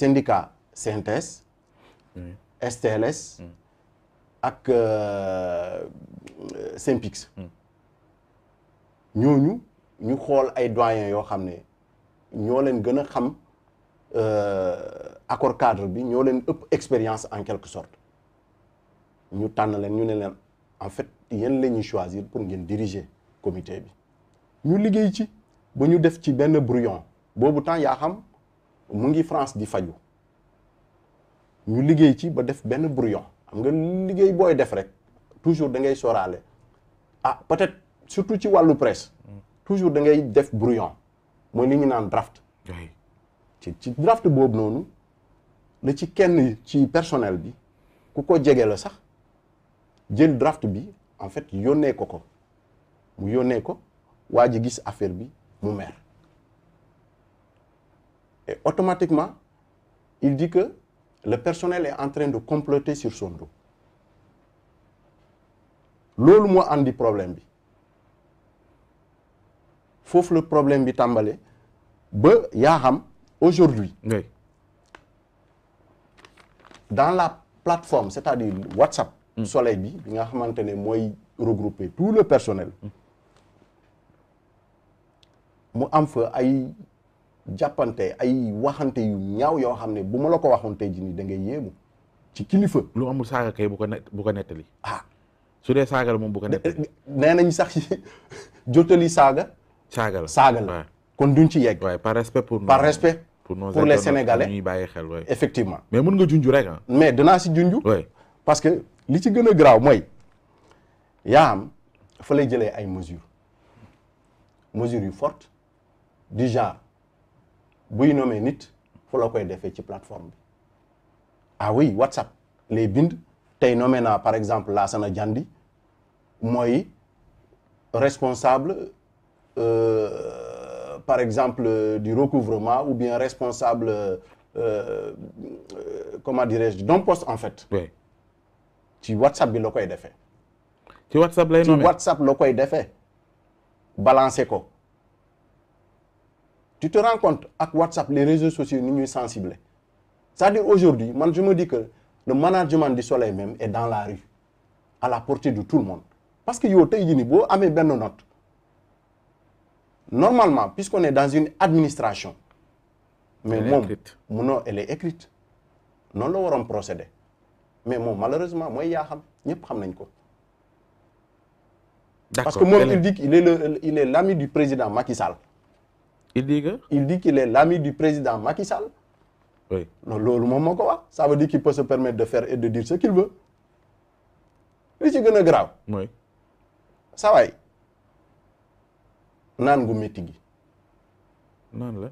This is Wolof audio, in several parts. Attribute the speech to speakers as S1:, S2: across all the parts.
S1: syndicat CNTS. STLS. ak euh, Synpics. ñooñu ñu xool ay doyens yoo xam ne ñoo leen gën a xam euh, accord cadre bi ñoo leen ëpp expérience en quelque sorte ñu tànn leen ñu ne leen en fait yéen la ñuy choisir pour ngeen diriger comité bi ñu liggéey ci ba ñu def ci benn brouillon boobu temps yaa xam. mu ngi France di faju ñu liggéey ci ba def benn brouillon xam nga liggéey booy def rek toujours da ngay sóoraale ah peut-être surtout ci wàllu presse toujours da ngay def brouillon mooy li ñu naan draft ci ci draft boobu noonu la ci kenn ci personnel bi ku ko jege la sax jël draft bi en fait yónnee ko ko mu yónnee ko waa ji gis affaire bi mu mer automatiquement, il di que le personnel est en train de comploter sur son loolu moo andi problème bi foofu la problème bi tàmbale ba yaa xam aujourd'hui dans la plateforme c'est-à-dire WhatsApp mm. bi bi nga xamante ne mooy regrouper tout le personnel mm. mu am fa ay jàppante ay waxante yu ñaaw yoo xam ne bu ma la ko waxoon tey jii nii da ngay yéemu ci kilifa. lu amul saaga kay bu ko net bu ko nettali. ah su dee saaga la moom bu ko nettali. nee nañ sax ci jottali saaga. saaga la saaga la kon duñ ci yegg. waaw par respect pour. par respect pour nos pour les sénégalais ñuy bàyyi xel effectivement. mais mën nga junj rek ah. mais danaa si junj. parce que li ci gën a garaaw mooy yaa am fa lay jëlee ay mesures mesures yu fortes du buy nomee nit fu la koy defee ci plateforme bi ah oui WhatsApp lay bind tey nommé naa par exemple Lassana Diandi mooy responsable euh, par exemple du recouvrement ou bien responsable euh, euh comment dirais-je du don poste en fait. ci WhatsApp bi la koy defee. ci WhatsApp lay nommé ci WhatsApp la koy defee balancé ko. tu te rends compte ak WhatsApp les réseaux sociaux ni ñuy sensible c'est-à-dire aujourd'hui man di me dis management du soleil même est dans la rue à la portée de tout le monde parce que yoo tey jii ni boo amee benn note normalement puisqu'on est dans une administration mais moom munoo elle est écrite noonu la waroon procéder mais moom malheureusement mooy yaa xam ñëpp xam nañ ko parce que moom il dit qu'il le il est l'ami du président Macky il dit que. il l'ami du président Macky Sall. oui loolu moom moo ko wax. ça veut dire qu'il peut permettre de faire et de dire ce qu'il veut. li ci gën a grave. mooy. saa naan gu métti gi. naan la.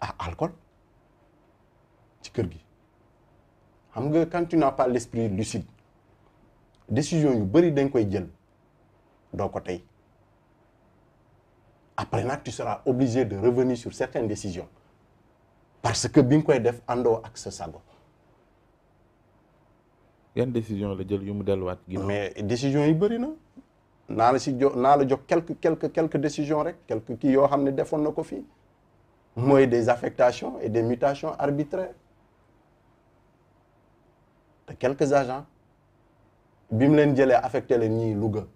S1: ah alcool ci kër gi. xam nga quand tu l'esprit lucide décision yu bëri dañ koy jël doo ko tey. après nag tu seras obligé de revenir sur certaines décisions parce que bi nga koy def àndoo ak sa sago. yan décision la jël yu mu delluwaat. gi mais décision yi bëri na naa la si jo naa la jox quelque quelques quelques décisions rek quelques kii yoo xam ne defoon na ko fii mooy des affectations et des mutations arbitraires te quelques agents bi mu leen jëlee affecté leen ñii Louga.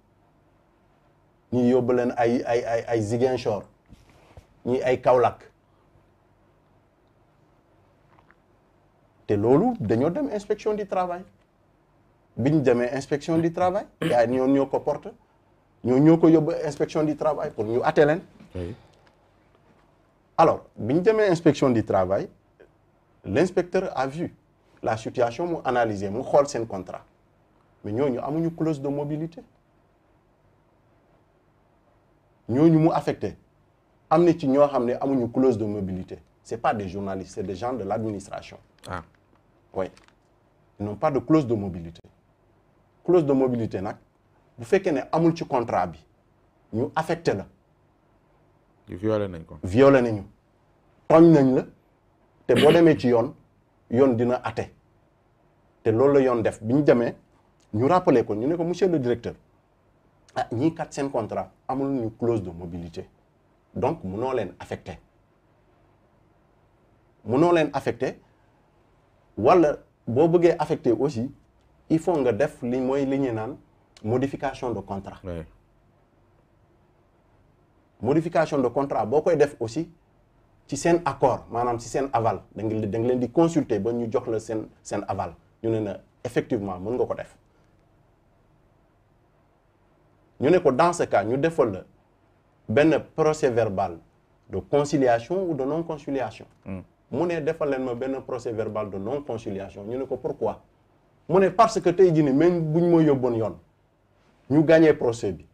S1: ñii yóbbu leen ay ay ay ay Ziguinchor ñii ay Kaolack te loolu dañoo dem inspection du travail biñ demee inspection du travail yaa ñoo ñoo ko porte ñoo ñoo ko yóbbu inspection du travail pour ñu atte leen alors biñ demee inspection du travail l'inspecteur a vu la situation mu analyser mu xool seen contrat mais ñooñu amuñu close de mobilité ñooñu mu affecté am na ci ñoo xam ne amuñu clause de mobilité c'est pas des journalistes c'est des gens de l'administration ah oui ils n'ont pas de clause de mobilité clause de mobilité nag bu fekkee ne amul ci contrat bi ñu affecté la violé nañ ko viole nañu tooñ nañ la te boo demee ci yoon yoon dina atte te loolu la yoon def bi ñu demee ñu rappelé ko ñu ne ko monsieur le directeur ah ñii kat seen contrat amul ñu clause de mobilité donc munoo leen affecté munoo leen affecté wala boo bëggee affecté aussi il faut nga def li mooy li ñuy naan modification de contrat. Oui. modification de contrat boo koy def aussi ci seen accord maanaam ci seen aval da nga leen di consulter ba ñu jox la seen seen aval ñu ne na effectivement mën nga ko def. ñu ne ko dans ce cas ñu defal la benn procès verbal de conciliation ou de non conciliation hmm. mu ne defal leen ma benn procès verbal de non conciliation ñu ne ko pourquoi mu ne parce que tey jii nii bu ñu ma yóbboon yoon ñu gagné procès bi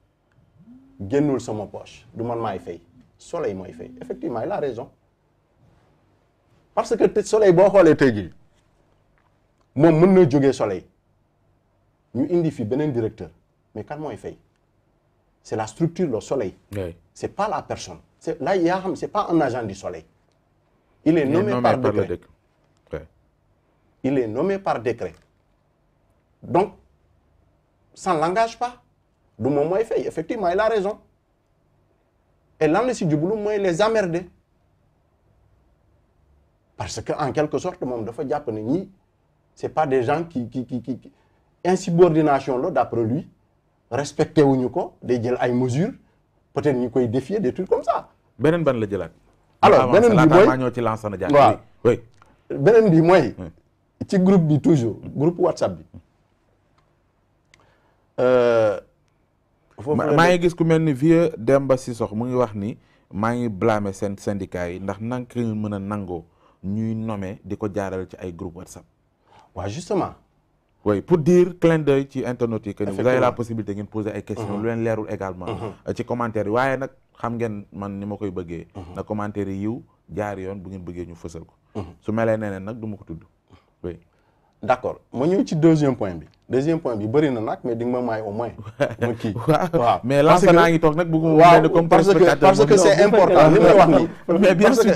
S1: génnul sama poche du man maay fay soleil mooy fay effectivement il a raison parce que soleil boo xoolee tey jii moom mën na jógee soleil ñu indi fi beneen directeur mais kan mooy fay c'est la structure, le soleil. Oui. pas la personne. Là, Yaham, ce n'est pas un agent du soleil. Il est, Il nommé, est nommé, par, par décret. Déc ouais. Il est nommé par décret. Donc, ça ne l'engage pas. Du moment il fait, effectivement, il a raison. Et l'amnistie si boulot, moi, il les a merdés. Parce qu'en quelque sorte, mon de fait, ce pas des gens qui. qui, qui, qui, qui... Insubordination, là, d'après lui, respecté wuñu ko day jël ay mesures peut-être ñu koy défier des trucs comme ça. beneen ban la jëlaat. alors beneen bi mooy ñoo ci Lansana Diagne. waaw beneen bi mooy. ci groupe bi toujours groupe WhatsApp bi. Euh, foofu maa ngi gis ku mel ni vieux Demba Sissokh mu ngi wax ni maa ngi blame seen syndicat yi ndax nank ñu mën a nangoo ñuy nommer di ko jaaral ci ay groupe WhatsApp. waaw justement oui pour dire clin d'œil ci internet yi que ni vous avez la possibilité ngeen poser ay questions lu leen leerul également ci commentaire waaye nag xam ngeen man ni ma koy bëggee na commentaire yi yiw jaar yoon bu ngeen bëggee ñu fësal ko su melee neneen nag du ma ko tudd oui d' ma ñëw ci deuxième point bi bi bëri na nag mais di nga ma maay au moins ma kii waaw mais parce que naa ngi toog nag bëgguma waaw comme parce parce que c' important li may wax nii mais bien sûr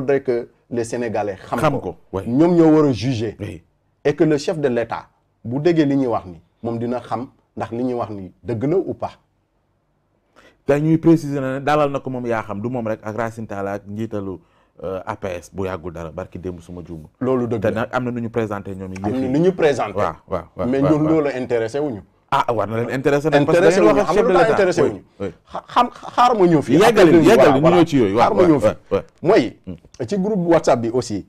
S1: dinañ le sénégalais xam ko ñoom ñoo war a juger et que le chef de l'État bu déggee li ñuy wax ni moom dina xam ndax li ñuy wax ni dëgg la ou pas tey ñuy préciser na ne daalal na ko moom yaa xam du moom rek ak Racine Talla ak njiitalu euh, APS bu yàggul dara barki démb suma juum loolu dëgg la am na nu ñu présenté ñoom yi am na nu ñu présenté waaw waaw mais ñun loolu intéressé wuñu ah war na leen intéressé nag parce que dañuy xam xaar ma ñëw fii yàggal yàggal ñu ñëw ci yooyu xaar ma ñëw fii mooy mm, mm. ci group whatsapp bi aussi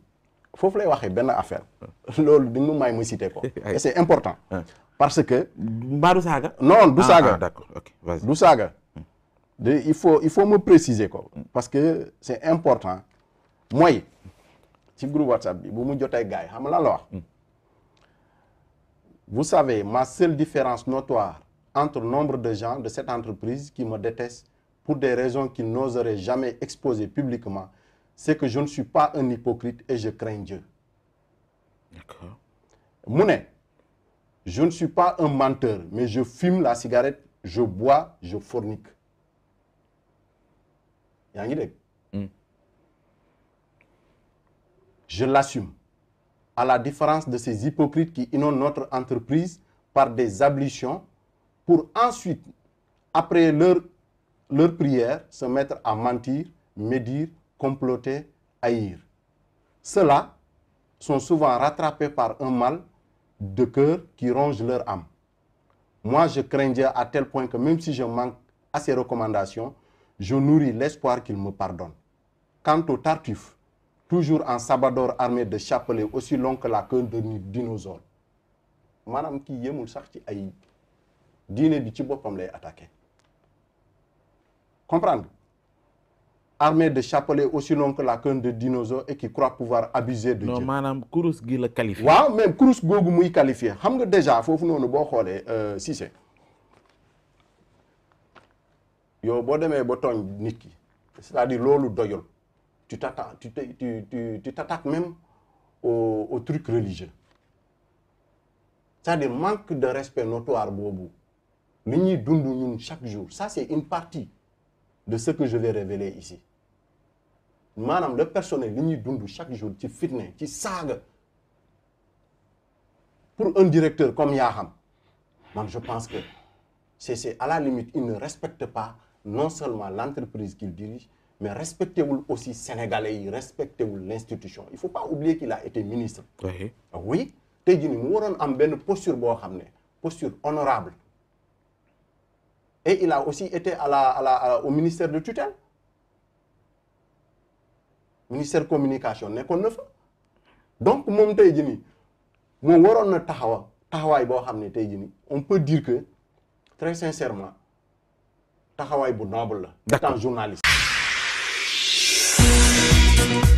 S1: foofu lay waxee benn affaire mm. loolu dañu may ma cité ko et c'est important parce que mbaa du saaga non du ah, ah, saaga d'accord ok du saaga de il faut il faut me préciser ko parce que c'est important mooy ci group whatsapp bi bu mu jotee gars yi xam nga lan la wax Vous savez, ma seule différence notoire entre nombre de gens de cette entreprise qui me détestent pour des raisons qu'ils n'oseraient jamais exposer publiquement, c'est que je ne suis pas un hypocrite et je crains Dieu. D'accord. je ne suis pas un menteur, mais je fume la cigarette, je bois, je fornique. Yaa ngi dégg. Hmm. Je l'assume. à la différence de ces hypocrites qui inondent notre entreprise par des ablutions pour ensuite, après leur, leur prière, se mettre à mentir, médire, comploter, haïr. Ceux-là sont souvent rattrapés par un mal de cœur qui ronge leur âme. Moi, je crains Dieu à tel point que même si je manque à ses recommandations, je nourris l'espoir qu'il me pardonne. Quant aux tartuffes, toujours en sabador armé de chapelets aussi longs que la queue d'un dinosaure maanaam kii yemul sax ci ay diine bi ci boppam lay attaqué comprendre armé de chapelets aussi longs la queue de dinosaure et qui croit pouvoir abuser de Dieu. non maanaam kurus gi la qualifié. waaw même kurus googu muy qualifié xam nga déjà foofu noonu boo xoolee euh, Cissé yow boo demee ba tooñ nit ki c'est-à-dire loolu doyul. tu t'attaques, tu, tu, tu, tu t'attaques même aux, aux trucs religieux. C'est-à-dire manque de respect notoire boobu li ñuy dund ñun chaque jour ça c'est une partie de ce que je vais révéler ici maanaam le personnel li ñuy dund chaque jour ci fitna ci saaga pour un directeur comme yaa Yakham man je pense que c'est c'est à la limite il ne respecte pas non seulement l'entreprise qu'il dirige mais respecté wul aussi sénégalais yi respecté wul l'institution il faut pas oublier qu'il a été ministre oui oui tey jii ni mu waroon am benn posture boo xam ne posture honorable et il a aussi été à la à la au ministère de tutelle ministère communication nekkoon na fa donc moom tey jii ni moom waroon na taxawa taxawaay boo xam ne tey jii ni on peut dire que très sincèrement taxawaay bu noble la étant journaliste Thank you.